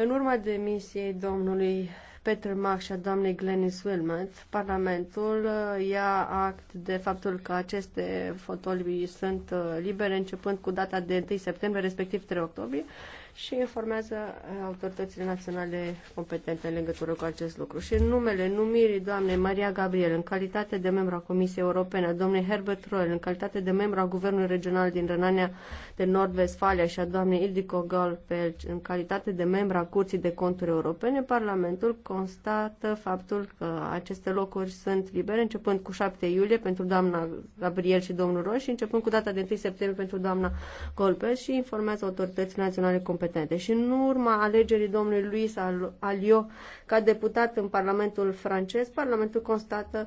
În urma demisiei domnului Peter Mac și a doamnei Glenis Wilmot, Parlamentul uh, ia act de faptul că aceste fotolii sunt uh, libere începând cu data de 1 septembrie, respectiv 3 octombrie, și informează uh, autoritățile naționale competente în legătură cu acest lucru. Și în numele numirii doamnei Maria Gabriel, în calitate de membru a Comisiei Europene, a doamnei Herbert Roel, în calitate de membru a Guvernului Regional din Rănania de Nord-Vestfalia și a doamnei Ildiko gal în calitate de membru a Curții de Conturi Europene, Parlamentul constată faptul că aceste locuri sunt libere începând cu 7 iulie pentru doamna Gabriel și domnul Roș și începând cu data de 1 septembrie pentru doamna Golpes și informează autoritățile naționale competente. Și în urma alegerii domnului Luis Alio ca deputat în Parlamentul francez, Parlamentul constată uh,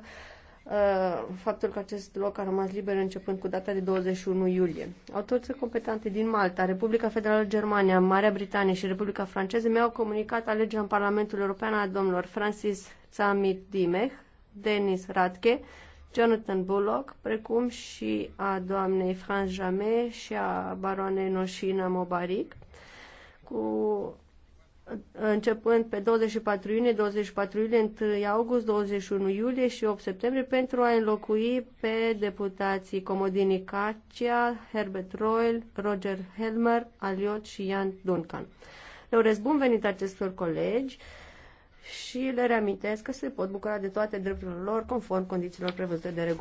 Uh, faptul că acest loc a rămas liber începând cu data de 21 iulie. Autorții competente din Malta, Republica Federală Germania, Marea Britanie și Republica Franceză mi-au comunicat alegerea în Parlamentul European a domnilor Francis Tsamit Dimech, Denis Radke, Jonathan Bullock, precum și a doamnei Franz Jamet și a baroanei Noșina Mobarik, cu începând pe 24 iunie, 24 iulie, 1 august, 21 iulie și 8 septembrie pentru a înlocui pe deputații Comodini Cacia, Herbert Royal, Roger Helmer, Aliot și Ian Duncan. Le urez bun venit acestor colegi și le reamintesc că se pot bucura de toate drepturile lor conform condițiilor prevăzute de regulă.